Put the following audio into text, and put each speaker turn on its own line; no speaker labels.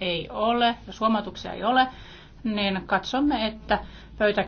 ei ole, jos huomautuksia ei ole, niin katsomme, että pöytä